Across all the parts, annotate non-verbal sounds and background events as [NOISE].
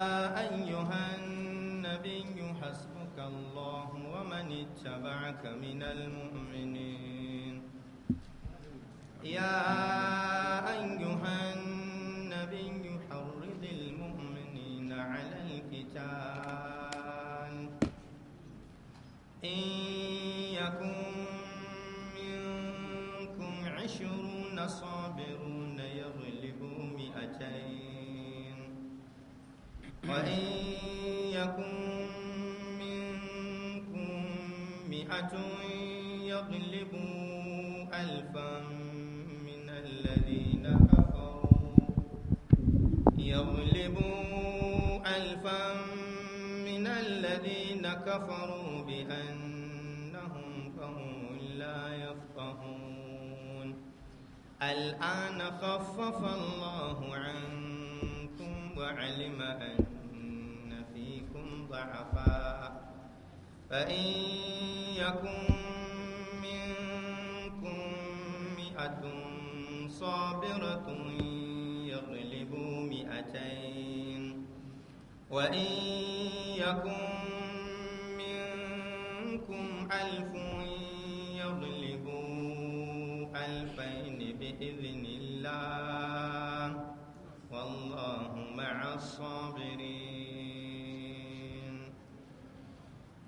أيها النبي حسبك الله ومن اتبعك من المؤمنين يا أيها النبي حرض المؤمنين على القتال إن يكن منكم عشرون صابرون وإن يكن منكم مئة يغلبوا ألفا من الذين كفروا يغلبوا ألفا من الذين كفروا بأنهم فهم لا يفقهون الآن خفف الله عنكم وعلم أن ضعفاء فإن يكن منكم مئة صابرة يغلبوا مئتين وإن يكن منكم ألف يغلبوا ألفين بإذن الله والله مع الصابرين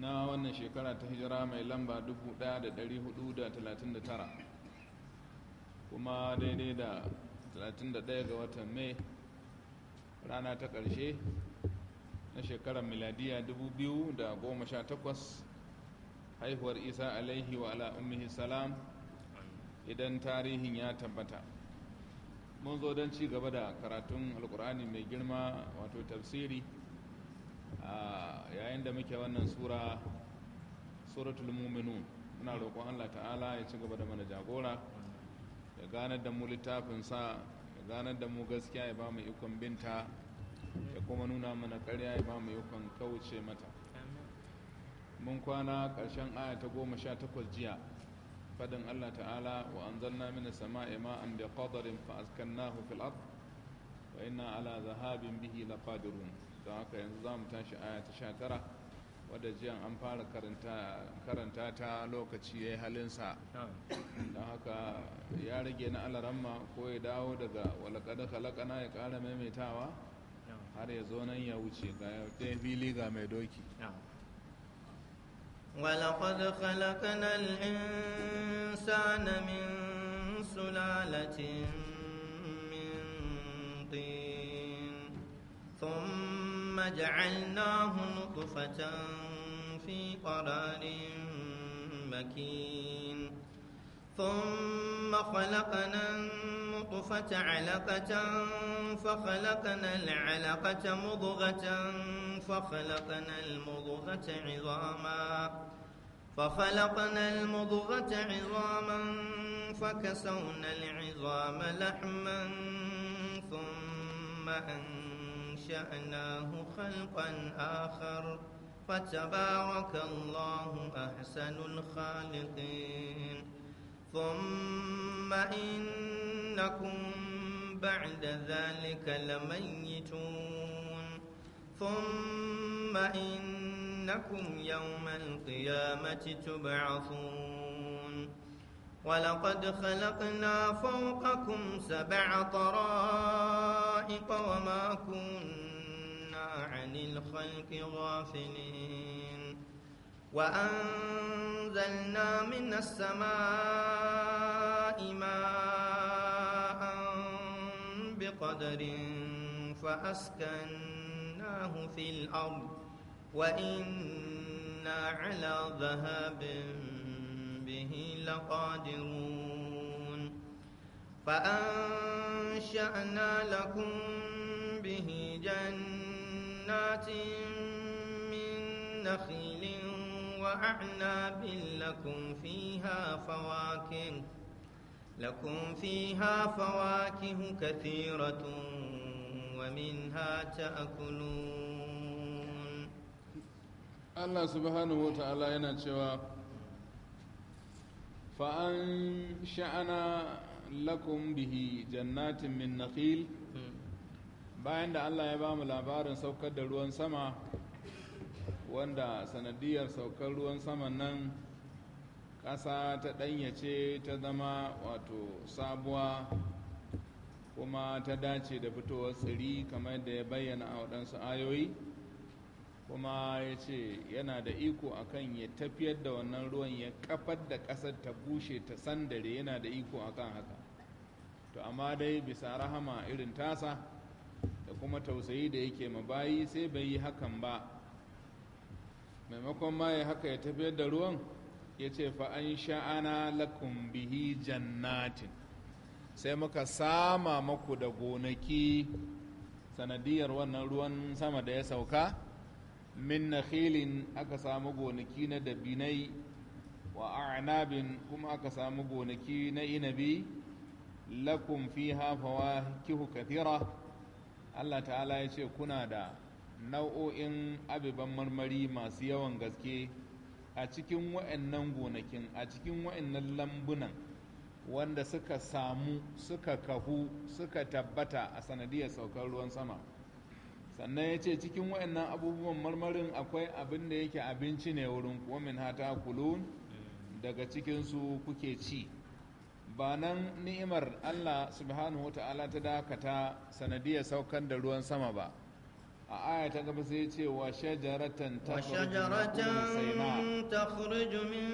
na wannan shekara ta hijira mai lamba 1439 kuma daidai da 31 ga watan mai rana ta ƙarshe na shekarar miladiya 2018 haihuwar isa alaihi wa ala ummihi salam idan tarihin ya tabbata mun zo don ci gaba da karatun alkur'ani mai girma wato tafsiri yayin da muke wannan sura suratul muminun muna roƙon Allah ta'ala ya ci gaba da mana jagora ya ganar da mu littafinsa ya ganar da mu gaskiya ya ba mu ikon binta ya kuma nuna mana karya ya ba mu ikon kauce mata mun kwana ƙarshen aya ta goma sha takwas jiya fadin Allah ta'ala wa anzalna mina sama'i ma'an bi qadarin fa askannahu fil wa inna ala zahabin bihi laqadirun don haka yanzu za mu tashi aya ta sha tara wadda jiyan an fara karanta ta lokaci ya yi halinsa don haka ya rage na alaramma ko ya dawo daga walakada kalakana ya kara maimaitawa har ya zo nan ya wuce ga ya fili ga mai doki ولقد خلقنا الإنسان من سلالة من طين ثم ثم جعلناه نطفة في قرار مكين ثم خلقنا النطفة علقة فخلقنا العلقة مضغة فخلقنا المضغة عظاما فخلقنا المضغة عظاما فكسونا العظام لحما ثم أن أنشأناه خلقا آخر فتبارك الله أحسن الخالقين ثم إنكم بعد ذلك لميتون ثم إنكم يوم القيامة تبعثون ولقد خلقنا فوقكم سبع طرائق وما كنا عن الخلق غافلين وأنزلنا من السماء ماء بقدر فأسكناه في الأرض وإنا على ذهاب به لقادرون فأنشأنا لكم به جنات من نخيل وأعناب لكم فيها فواكه لكم فيها فواكه كثيرة ومنها تأكلون الله سبحانه وتعالى ينتشوى sha'ana lakum bihi jannatin min nakhil bayan da Allah ya ba mu labarin saukar da ruwan sama wanda sanadiyar saukar ruwan sama nan ƙasa ta ɗanyace ta zama wato sabuwa kuma ta dace da fitowar tsiri kamar da ya bayyana a waɗansu ayoyi kuma ya ce yana da iko akan ya tafiyar da wannan ruwan ya kafar da ƙasar ta bushe ta sandare yana da iko akan haka to amma dai bisa rahama irin tasa da kuma tausayi da yake mabayi sai bai yi hakan ba maimakon ma ya haka ya tafiyar da ruwan ya ce fa'an sha'ana lakum bihi jannatin sai muka sama maku da gonaki sanadiyar wannan ruwan sama da ya sauka min nakhilin aka samu gonaki na dabinai wa a'nabin kuma aka samu gonaki na inabi lakum fiha kihu kathira Allah ta'ala ya ce kuna da nau'o'in abiban marmari masu yawan gaske a cikin wa'annan gonakin a cikin wa'annan lambunan wanda suka samu suka kahu suka tabbata a sanadiyar saukar ruwan sama sannan ya ce cikin waɗannan abubuwan marmarin akwai abin da yake abinci ne wurin kuwamin hata kulun daga cikinsu kuke ci ba nan ni'imar allah subhanahu wa ta'ala ta dakata sanadiyar saukar da ruwan sama ba a aya ta gaba sai ce wa shajaratan takhruju min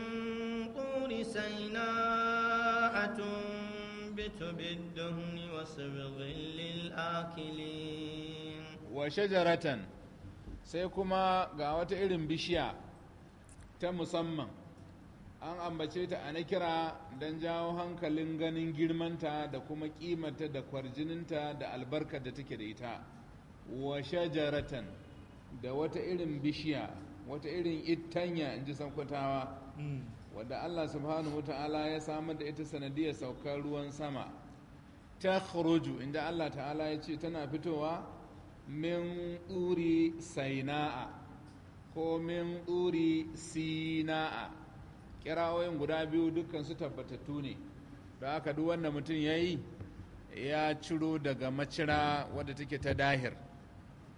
turi saina'atun bitu bid wa lil-akilin wa shajaratan sai kuma ga wata irin bishiya ta musamman an ambace ta a na kira don jawo hankalin ganin girmanta da kuma kimanta da kwarjininta da albarkar da take da ita wa shajaratan da wata irin bishiya wata irin itanya in ji sankwatawa mm. wadda allah subhanahu ta'ala ya samar da ita sanadiyar saukar ruwan sama ta khuruju inda allah ta'ala ya ce tana fitowa min ɗuri saina'a ko min ɗuri sina'a kirawoyin guda biyu dukkan su tabbatattu ne da aka duk wanda mutum ya yi ya ciro daga macira wadda take ta dahir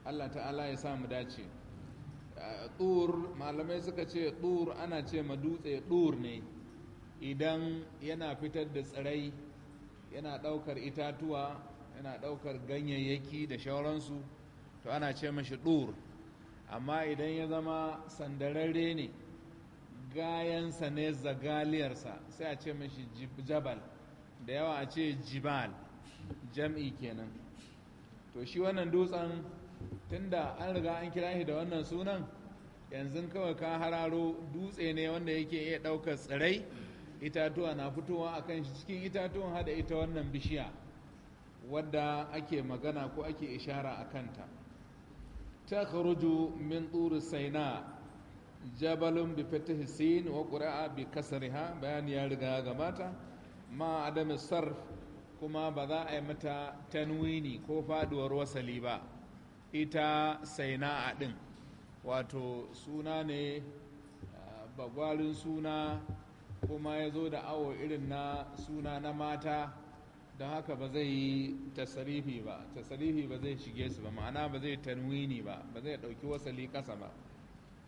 allah ta'ala ya samu dace ɗur malamai suka ce ɗur ana ce ma dutse ɗur ne idan yana fitar da tsirai yana ɗaukar itatuwa yana ɗaukar ganyayyaki da shauransu to ana ce mashi dur amma idan ya zama sandararre ne gayansa ne zagaliyarsa sai a ce mashi jabal da yawa a ce jibal jam'i kenan to shi wannan dutsen tunda an riga an kira shi da wannan sunan yanzu kawai ka hararo dutse ne wanda yake iya ɗaukar tsirai itatuwa na fitowa a kan shi cikin itatuwan hada ita wannan bishiya wadda ake magana ko ake ishara a kanta Ca ka min tsoron saina, Jabalun, Bifanis, Hussin, Waƙura, Abibu, Ƙasaraha. Bayanin ya riga ga mata, ma a damisar kuma ba za a yi mata tanwini ko faɗuwar wasali ba. Ita saina a ɗin, wato suna ne bakwalin suna kuma ya zo da awo irin suna na mata. don haka ba zai yi tasarifi ba tasarifi ba zai shige su ba ma'ana ba zai tanwini ba ba zai ɗauki wasali ƙasa ba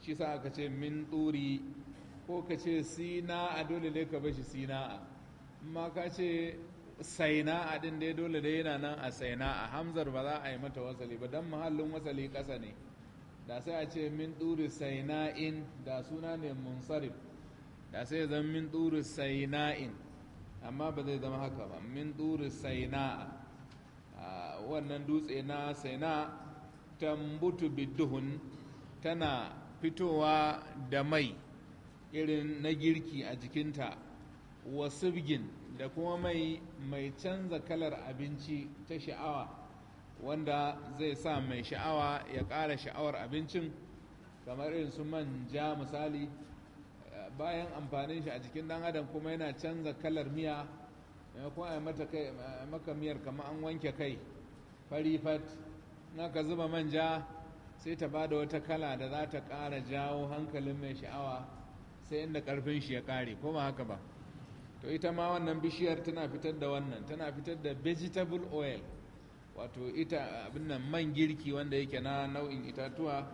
shi sa aka ce min tsuri ko ka ce sina a dole dai ka shi sina a amma ka ce saina a ɗin dai dole dai yana nan a saina a hamzar ba za a yi mata wasali ba don muhallin wasali ƙasa ne da sai a ce min tsuri saina'in da suna ne munsarif da sai zan min tsuri saina'in amma ba zai zama haka ba min duri saina wannan dutse na saina tambutu bidduhun tana fitowa da mai irin na girki a jikinta wasu bigin da kuma mai mai canza kalar abinci ta sha'awa wanda zai sa mai sha'awa ya ƙara sha'awar abincin kamar irin su manja misali bayan amfanin shi a jikin dan adam kuma yana canza kalar miya maimakon a mata kai maka miyar kamar an wanke kai fari fat na ka zuba manja sai ta bada wata kala da za ta ƙara jawo hankalin mai sha'awa sai inda ƙarfin shi ya ƙare ko ba haka ba to ita ma wannan bishiyar tana fitar da wannan tana fitar da vegetable oil wato ita abin nan man girki wanda yake na nau'in itatuwa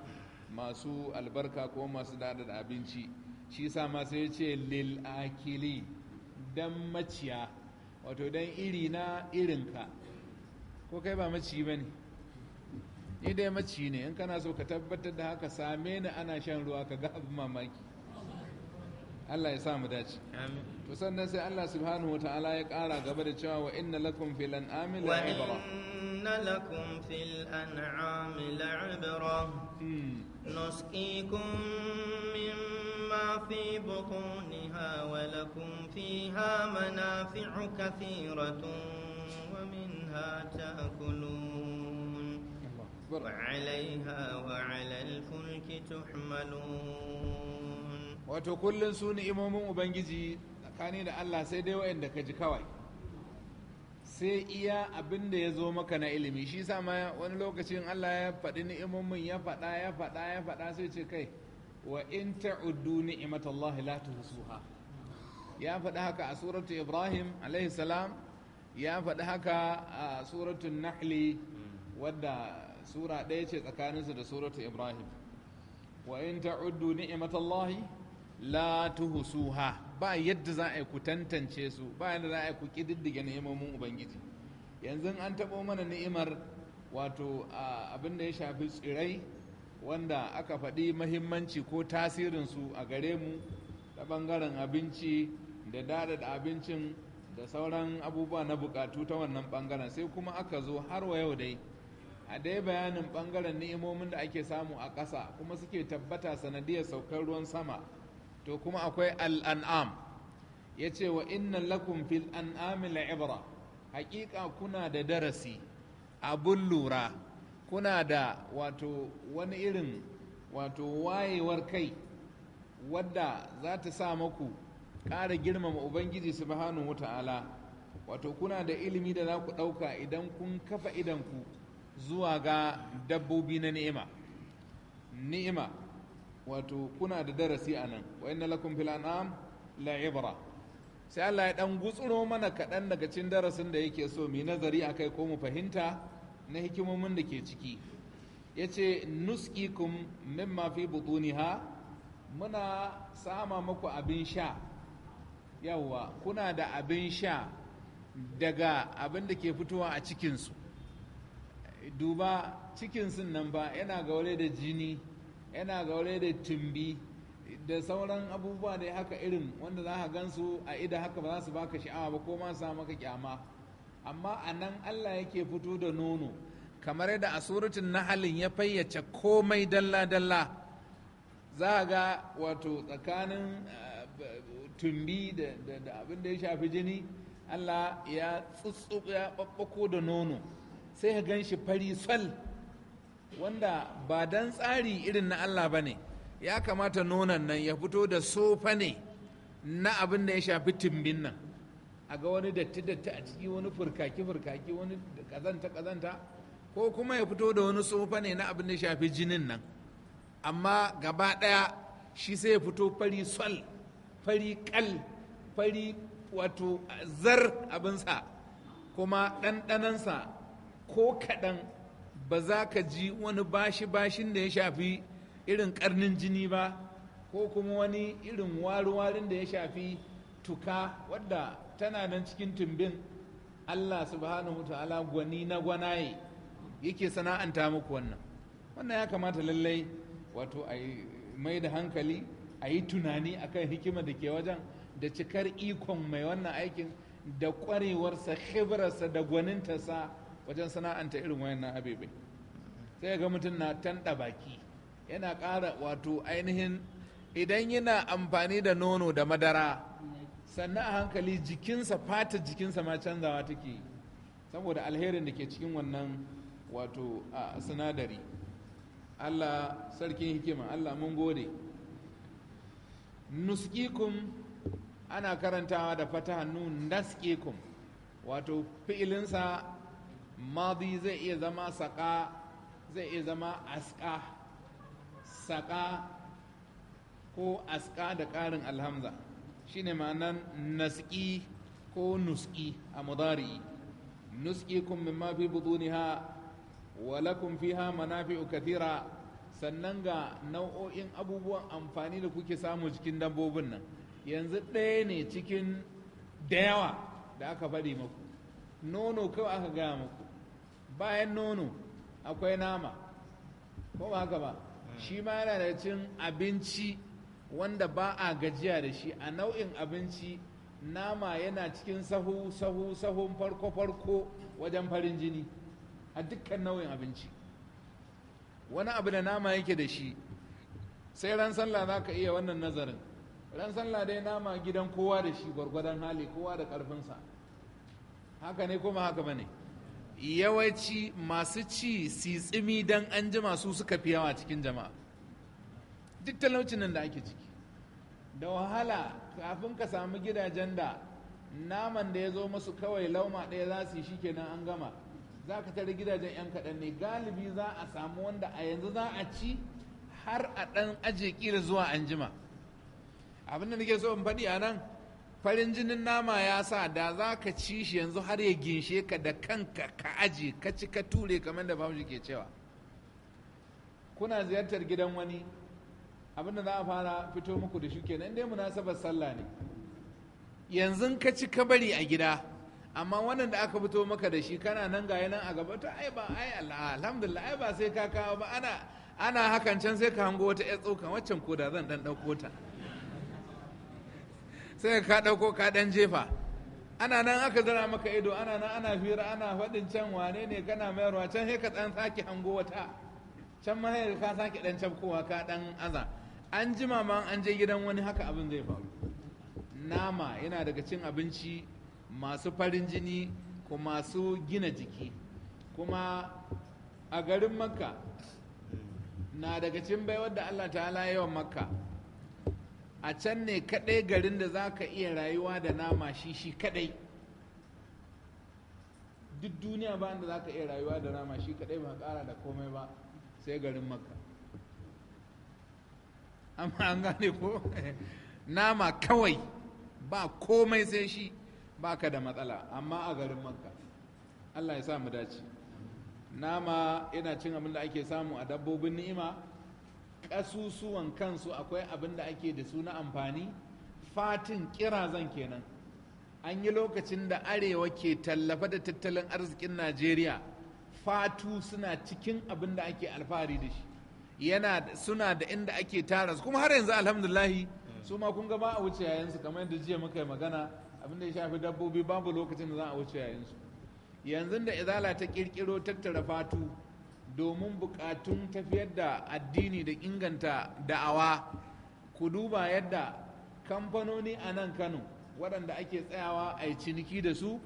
masu albarka ko masu dada abinci shi sa masu ya ce lil'akili don maciya wato don iri na irinka ko kai ba maci ba ne ni dai maci ne in kana so ka tabbatar da haka same ni ana shan ruwa ka ga abu mamaki Allah ya sa mu dace to sannan sai Allah subhanahu wa ta'ala ya kara gaba da cewa wa inna lakum fil an'ami la'ibra inna lakum fil an'ami la'ibra hmm. nusqikum min في بطونها ولكم فيها منافع كثيرة ومنها تأكلون وعليها وعلى الفلك تحملون وتقول لنسون إمام أبنجي tsakani da Allah sai dai waɗanda ka sai iya abin da ya zo maka na ilimi shi sama wani lokacin Allah ya faɗi ni'imomin ya faɗa ya faɗa ya faɗa sai ce kai wa in ta'uddu ni'matallahi la tuhsuha ya faɗi haka a suratu ibrahim alayhi salam ya faɗi haka a suratu nahli wadda sura ɗaya ce tsakaninsu da suratu ibrahim wa in ta'uddu ni'matallahi la tuhsuha ba yadda za a yi ku tantance su ba yadda za a yi ku kididdige ni'imomin ubangiji yanzu an taɓo mana ni'imar wato abin da ya shafi tsirai wanda aka faɗi mahimmanci ko tasirinsu a gare mu ta ɓangaren abinci da dada da abincin da sauran abubuwa na bukatu ta wannan ɓangaren sai kuma aka zo har wa yau dai a dai bayanin ɓangaren ni'imomin da ake samu a ƙasa kuma suke tabbata sanadiyar saukar ruwan sama to kuma akwai al'an'am ya ce wa inna lakum fil an'ami la'ibra haƙiƙa kuna da darasi abun lura kuna da wato wani irin wato wayewar kai wadda za ta sa maku ƙara girmama ubangiji subhanahu wata'ala wato kuna da ilimi da za ku ɗauka idan kun kafa idanku zuwa ga dabbobi na ni'ima ni'ima wato kuna da darasi a nan wa inna lakum fil an'am la sai Allah ya dan gutsuro mana kaɗan daga cikin darasin da yake so mu nazari akai ko mu fahimta na hikimomin da ke ciki ya ce nuskikum mimma fi ha, muna sama maku abin sha yawwa kuna da abin sha daga abin da ke fitowa a cikinsu duba cikinsun nan ba yana gaure da jini yana gaure da tumbi da sauran abubuwa da haka irin wanda za ka gansu a ida haka ba za su baka sha'awa ba ko ma sa maka kyama amma a nan allah yake fito da nono kamar yadda a suratun halin ya fayyace komai dalla-dalla za a ga wato tsakanin eh, tumbi da abin da ya shafi jini allah ya tsutsu ya ɓaɓɓako da nono sai ya gan shi fari sal wanda ba dan tsari irin na allah ba ne ya kamata nonon nan ya fito da sofa ne na abin da ya shafi tumbin nan a ga wani datti-datti a ciki wani furkaki-furkaki wani kazanta-kazanta ko kuma ya fito da wani tsofa ne na abin da shafi jinin nan amma gaba ɗaya shi sai ya fito fari sol fari kal fari wato zar abinsa kuma ɗanɗanansa ko kaɗan ba za ka ji wani bashi-bashin da ya shafi irin ƙarnin jini ba ko kuma wani irin waru-warin da ya shafi tuka wadda tana nan cikin tumbin Allah subhanahu ta'ala gwani na gwanaye yake sana'anta muku wannan wannan ya kamata lallai wato a mai da hankali a yi tunani akan hikima da ke wajen da cikar ikon mai wannan aikin da kwarewarsa hibirarsa da gwanintarsa wajen sana'anta irin wayannan abebe sai ga mutum na tanɗa baki yana ƙara wato ainihin idan yana amfani da nono da madara sannan a hankali jikinsa fata jikinsa ma canzawa take yi saboda alherin da ke cikin wannan wato a sinadari allah sarkin hikima allah mun gode nuskikum ana karantawa da fata hannu naskikum wato fi'ilinsa madi zai iya zama saƙa zai iya zama aska saƙa ko aska da ƙarin alhamza shine ma'anan naski ko nuski a mudari nuski kun mimma fi buduniha wa lakum fiha manafi'u kathira sannan ga nau'o'in abubuwan amfani da kuke samu cikin dabbobin nan yanzu ɗaya ne cikin da yawa da aka faɗi maku nono kawai aka gaya maku bayan nono akwai nama ko ba haka ba hmm. shi ma yana da cin abinci wanda ba a gajiya da shi a nau'in abinci nama yana cikin sahu sahu sahun farko farko wajen farin jini a dukkan nau'in abinci wani abu da nama yake da shi sai ran sallah za ka iya wannan nazarin ran sallah dai nama gidan kowa da shi gwargwadon hali kowa da ƙarfinsa haka ne kuma haka bane yawanci masu ci sitsimi don an su su suka fi yawa cikin jama'a duk talaucin nan da ake ciki da wahala kafin ka samu gidajen da naman da ya zo masu kawai lauma ɗaya za su yi shi kenan an gama za ka tare gidajen 'yan kaɗan ne galibi za a samu wanda a yanzu za a ci har a ɗan aje ƙira zuwa an jima abin da nake so in faɗi a nan farin jinin nama ya sa da za ka ci shi yanzu har ya ginshe ka da kanka ka aje ka ci ka ture kamar da bahaushe ke cewa kuna ziyartar gidan wani abinda za a fara fito muku da shi kenan dai munasabar sallah ne yanzu ka ci kabari a gida amma wannan da aka fito maka da shi kana nan ga nan a gaba ta ai ba ai alhamdulillah ai ba sai ka kawo ba ana ana hakan can sai ka hango wata yar tsokan waccan ko da zan dan dauko ta sai ka dauko ka dan jefa ana nan aka zara maka ido ana nan ana fira ana faɗin can wane ne kana mayarwa can sai ka dan sake hango wata can ma ka sake dan cafkowa ka dan aza an jima ma an je gidan wani haka abin zai faru nama yana daga cin abinci masu farin jini ko masu gina jiki kuma a garin makka na daga cin bai da allah ta'ala yawan makka a can ne kadai garin da za ka iya rayuwa da nama shi shi kadai duk duniya ba da za ka iya rayuwa da nama shi kadai ba kara da komai ba sai garin makka amma an gane ko nama kawai ba komai sai shi ka da matsala amma a garin makka allah ya sa mu dace nama yana cin abin da ake samu a dabbobin ni'ima ƙasusuwan kansu akwai abin da ake da su na amfani fatin kirazan kenan an yi lokacin da arewa ke tallafa da tattalin arzikin najeriya fatu suna cikin abin da ake alfahari da shi yana suna da inda ake tara su kuma har yanzu alhamdulahi su ma kun ga ba a wuce yayansu kamar yadda jiya muka yi magana abin da ya shafi dabbobi babu lokacin da za a wuce yayansu yanzu da izala ta kirkiro tattara fatu domin bukatun tafiyar da addini da inganta da'awa ku duba yadda kamfanoni a nan kano waɗanda ake tsayawa a yi ciniki da su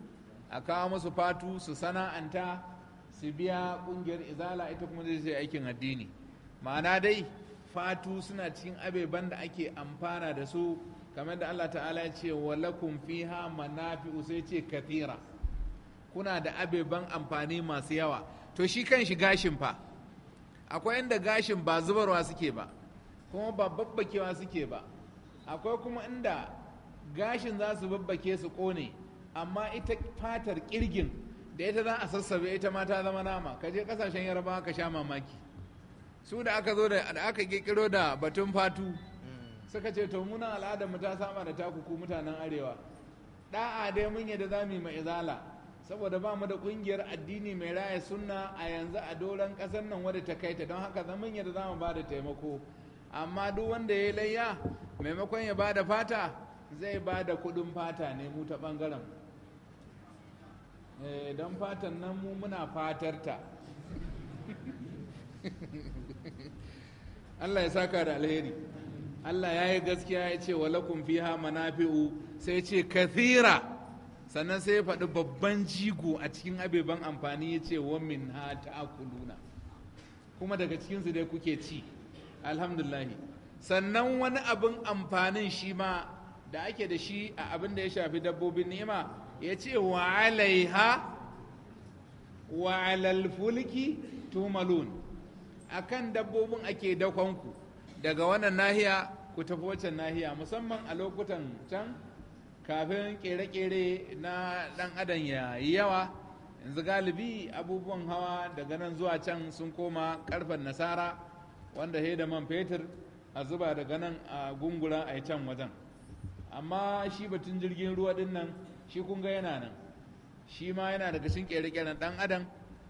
a kawo masu fatu su sana'anta su biya ƙungiyar izala ita kuma zai aikin addini ma'ana dai fatu suna cikin abeban da ake amfana da su kamar da Allah ta'ala ya ce wa fiha manafi'u sai ce kathira kuna da abeban amfani masu yawa to shi kan shi gashin fa akwai inda gashin ba zubarwa suke ba kuma ba babbakewa suke ba akwai kuma inda gashin za su babbake su kone amma ita fatar kirgin da ita za a sassabe ita ma ta zama nama kaje je kasashen yarbawa ka sha mamaki su da aka zo da aka kirkiro da batun fatu suka ce to muna al'adar mu ta sama da takuku mutanen arewa da'a dai mun yi za mu yi izala saboda ba mu da kungiyar addini mai raya sunna a yanzu a doron kasar nan wadda ta kaita don haka zaman yadda za mu ba da taimako amma duk wanda ya layya maimakon ya bada da fata zai ba da kudin fata ne mu ta bangaren eh, don fatan nan mu muna fatarta [LAUGHS] Allah ya saka da alheri Allah ya yi gaskiya ya ce walakun fiha manafi'u sai ce kathira sannan sai ya faɗi babban jigo a cikin abeban amfani ya ce wa min ha ta'akuluna kuma daga cikinsu dai kuke ci alhamdulahi sannan wani abin amfanin shi ma da ake da shi a abin da ya shafi dabbobin nema ya ce wa alaiha wa alalfulki fulki tumalun akan dabbobin ake dakonku daga wannan nahiya ku tafi wancan nahiya musamman a lokutan can kafin kere-kere na dan adam ya yi yawa yanzu galibi abubuwan hawa daga nan zuwa can sun koma karfen nasara wanda he da man fetur a zuba daga nan a gungura a can wajen amma shi batun jirgin ruwa din shi kunga yana nan shi ma yana daga cikin kere-keren dan adam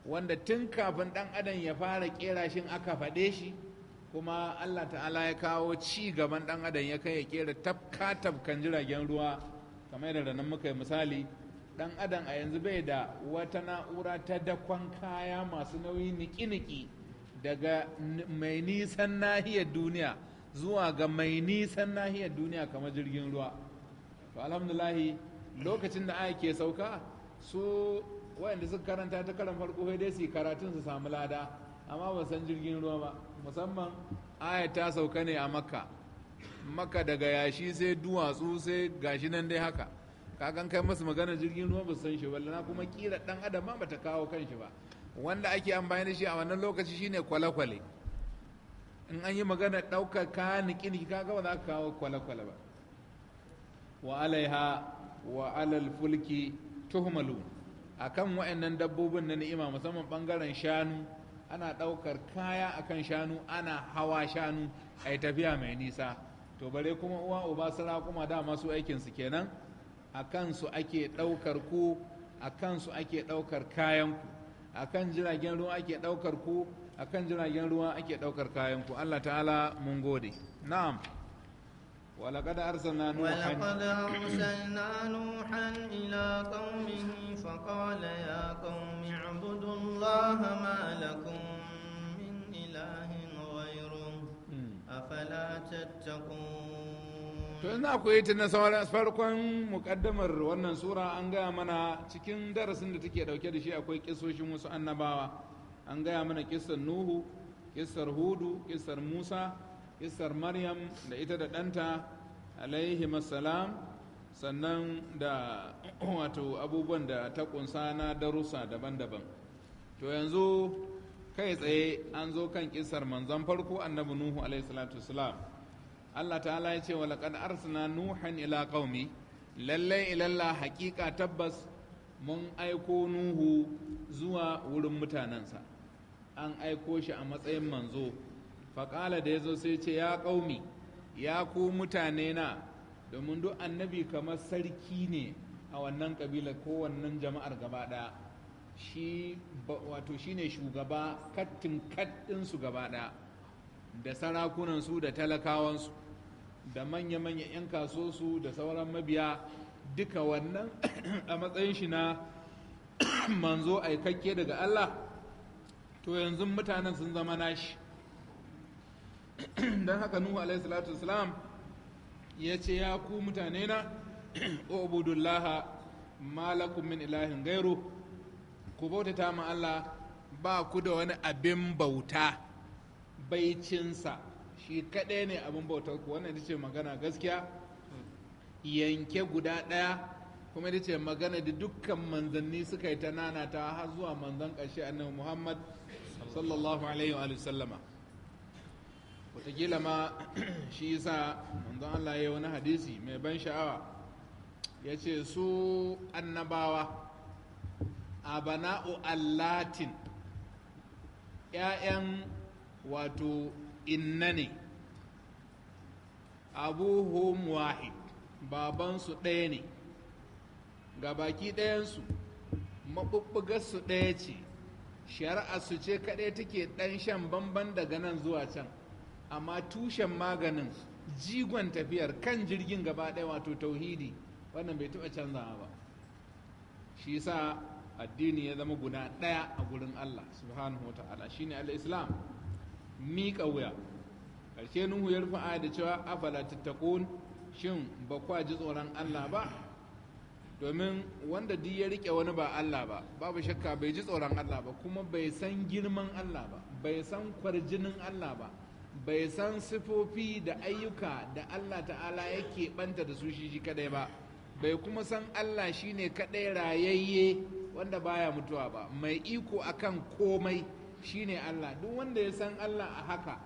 wanda tun kafin ɗan adam ya fara ƙera shi aka faɗe shi kuma allah ta'ala ya kawo ci gaban ɗan adam ya kai ya kera tafka tafkan jiragen ruwa kamar yadda nan muka yi misali ɗan adam a yanzu bai da wata na'ura ta dakon kaya masu nauyi niki-niki daga mai nisan nahiyar duniya zuwa ga mai nisan nahiyar duniya kamar jirgin ruwa to alhamdulahi lokacin da ake sauka su wayanda suka karanta ta karan farko sai dai su karatun su samu lada amma ba san jirgin ruwa ba musamman aya ta sauka ne a makka makka daga yashi sai duwatsu sai gashi nan dai haka Kakan kai masu magana jirgin ruwa ba san shi ba na kuma kira dan adam ba ta kawo kan shi ba wanda ake amfani da shi a wannan lokaci shine kwale-kwale in an yi magana ɗaukar kayan niki-niki kaga ba za ka kawo kwale-kwale ba wa alaiha wa alal fulki tuhmalu akan wa'annan dabbobin na ni'ima musamman bangaren shanu ana ɗaukar kaya akan shanu ana hawa shanu a tafiya mai nisa to bare kuma uwa uba sarakuma dama su aikinsu kenan a kansu ake ɗaukar ku a kansu ake ɗaukar ku a kan jiragen ruwa ake ɗaukar ku a kan jiragen ruwa ake ɗaukar ku allah ta'ala mun gode na'am ولقد أرسلنا نوحا ولقد أرسلنا نوحا إلى قومه فقال يا قوم اعبدوا الله ما لكم من إله غيره أفلا تتقون to ina koyi tun farkon muƙaddamar wannan sura an gaya mana cikin darasin da take dauke da shi akwai kisoshin wasu annabawa an gaya mana ƙisar nuhu ƙisar hudu ƙisar musa isar maryam da ita da ɗanta salam, sannan da [CLEARS THROAT] wato abubuwan da ta kunsa na darussa daban-daban to yanzu kai tsaye an zo kan kisar manzon farko annabi nuhu alaihi salatu salam. Allah ta'ala ya ce wa laqad arsana nuhan ila ƙaumi lallai ilalla haƙiƙa tabbas mun aiko nuhu zuwa wurin mutanensa an aiko shi a matsayin manzo faƙala da ya zo sai ce ya ƙaumi ya ku mutane na domin duk annabi kamar sarki ne a wannan ƙabila ko wannan jama'ar gaba ɗaya shi wato shi ne shugaba kattin kattinsu gaba ɗaya da sarakunansu da talakawansu da manya-manya 'yan kasosu da sauran mabiya duka wannan [CLEARS THROAT] a matsayin shi na [CLEARS THROAT] manzo aikakke daga Allah to yanzu mutanen sun zama nashi [CLEARS THROAT] don haka nuhu alaihi salatu salam ya ce ya ku mutane na [CLEARS THROAT] ubudullaha malakum min ilahin gairu ku bautata ma Allah ba ku da wani abin bauta baicinsa shi kaɗai ne abin bautar ku wannan ita ce magana gaskiya yanke guda ɗaya kuma ita ce magana da dukkan manzanni suka yi ta nanata har zuwa manzan ƙarshe annabi Muhammad sallallahu alaihi wa sallama watakila ma [CLEARS THROAT] shi yasa manzon Allah ya wani hadisi mai ban sha'awa ya ce su annabawa A abana'u allatin ‘ya'yan wato inna ne abuhum wahid babansu ɗaya ne ga baki ɗayansu su ɗaya ce shari'a su ce kaɗai take ɗan shan bamban daga nan zuwa can amma tushen maganin jigon tafiyar kan jirgin gaba ɗaya wato tauhidi wannan bai taɓa canzawa ba shi sa addini ya zama guda ɗaya a gurin Allah subhanahu wa ta'ala ne al-islam miƙa wuya ƙarshe nuhu ya rufe da cewa afala tattakun shin ba kwa ji tsoron Allah ba domin wanda duk ya rike wani ba Allah ba babu shakka bai ji tsoron Allah ba kuma bai san girman Allah ba bai san kwarjinin Allah ba bai san sifofi da ayyuka da Allah ta'ala yake banta da su shi shi kadai ba bai kuma san Allah shi ne kadai rayayye wanda baya mutuwa ba mai iko akan komai shine Allah duk wanda ya san Allah a haka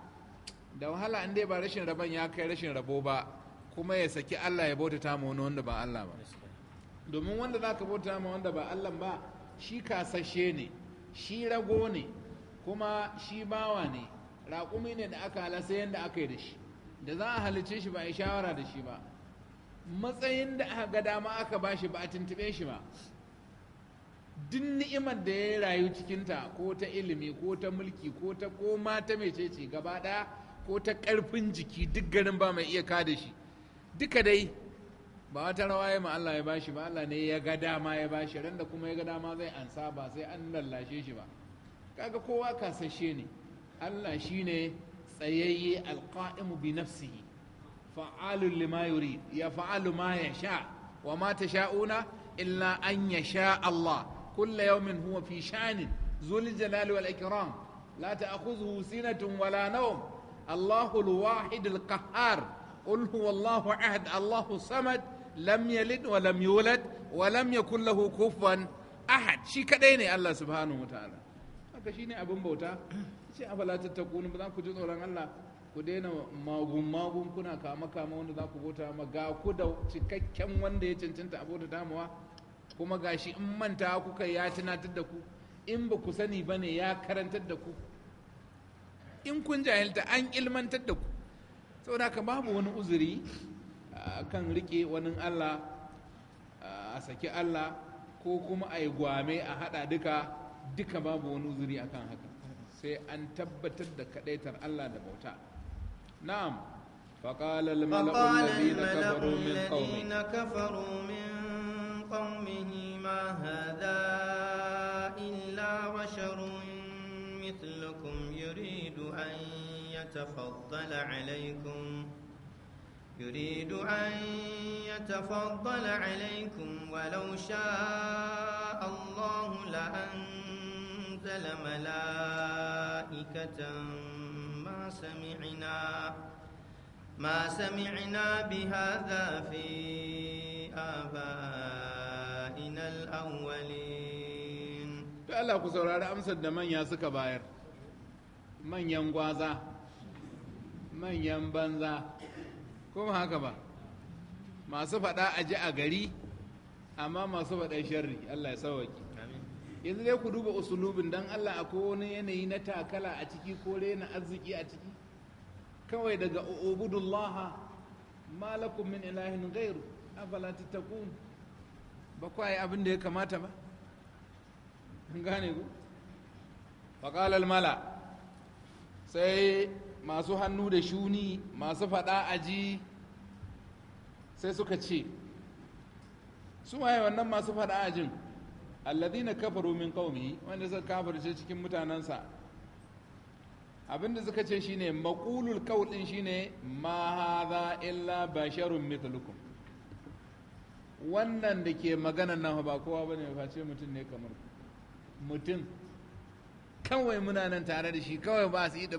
da wahala an dai ba rashin rabon ya kai rashin rabo ba kuma ya saki Allah ya bauta ma wani wanda ba Allah ba domin wanda za ka bauta ma wanda ba Allah ba shi kasashe ne shi rago ne kuma shi bawa ne raƙumi ne da aka hala sai yadda aka yi da shi da za a halice shi ba a yi shawara da shi ba matsayin da aka ga dama aka ba shi ba a tuntube shi ba duk ni'imar da ya rayu cikinta ko ta ilimi ko ta mulki ko ta koma ta mecece gaba ɗaya ko ta ƙarfin jiki duk garin ba mai iya kada shi duka dai ba wata rawa ya Allah ya bashi ba Allah ne ya ga dama ya bashi ran da kuma ya ga dama zai ansa ba sai an lallashe shi ba kaga kowa kasashe ne Allah shi ne tsayayye alƙa’imu bi nafsihi fa’alun lima yuri ya fa’alu ma ya sha wa ma sha’una illa an ya sha Allah kulla yau min huwa fi shanin zuli jalali wal ikiram la ta aku zuhu sinatun wala na'um Allahu wahid al-qahar qul Allahu ahad Allahu samad lam yalid wa lam yulad wa lam yakul ahad shi kadai ne Allah subhanahu wa ta'ala haka shine abun bauta ce abala ta ba za ku ji tsoron Allah ku daina magun magun kuna kama kama wanda za ku bota ma ga ku da cikakken wanda ya cancanta abota damawa kuma ga shi in manta kuka ya tunatar da ku in ba ku sani ba ne ya karantar da ku in kun jahilta an ilmantar da ku saboda ka babu wani uzuri kan rike wani Allah a saki Allah ko kuma a yi gwame a haɗa duka duka babu wani uzuri akan haka sai an tabbatar da kadaitar Allah da فقال الملأ الذين كفروا من قومه ما هذا إلا بشر مثلكم يريد أن يتفضل عليكم يريد أن يتفضل عليكم ولو شاء الله لأن أنزل ملائكة ما سمعنا ما سمعنا بهذا في آبائنا الأولين ku saurari amsar da manya suka bayar manyan gwaza manyan banza kuma haka ba masu faɗa a ji a gari amma masu faɗa sharri Allah ya yanzu dai ku duba usulubin dan Allah akwai wani yanayi na takala a ciki ko na arziki a ciki kawai daga ubudullaha malakum min ilahin ghairu afala tattaqun ba ku yi abin da ya kamata ba an gane ku faqala al mala sai masu hannu da shuni masu fada aji sai suka ce su waye wannan masu fada ajin alladina kafaru min qaumi wanda suka kafirce cikin mutanansa abin da suka ce shine maqulul qaul din shine ma hadha illa basharun mithlukum wannan da ke magana nan ba kowa bane face mutum ne kamar mutum kawai muna nan tare da shi kawai ba su yi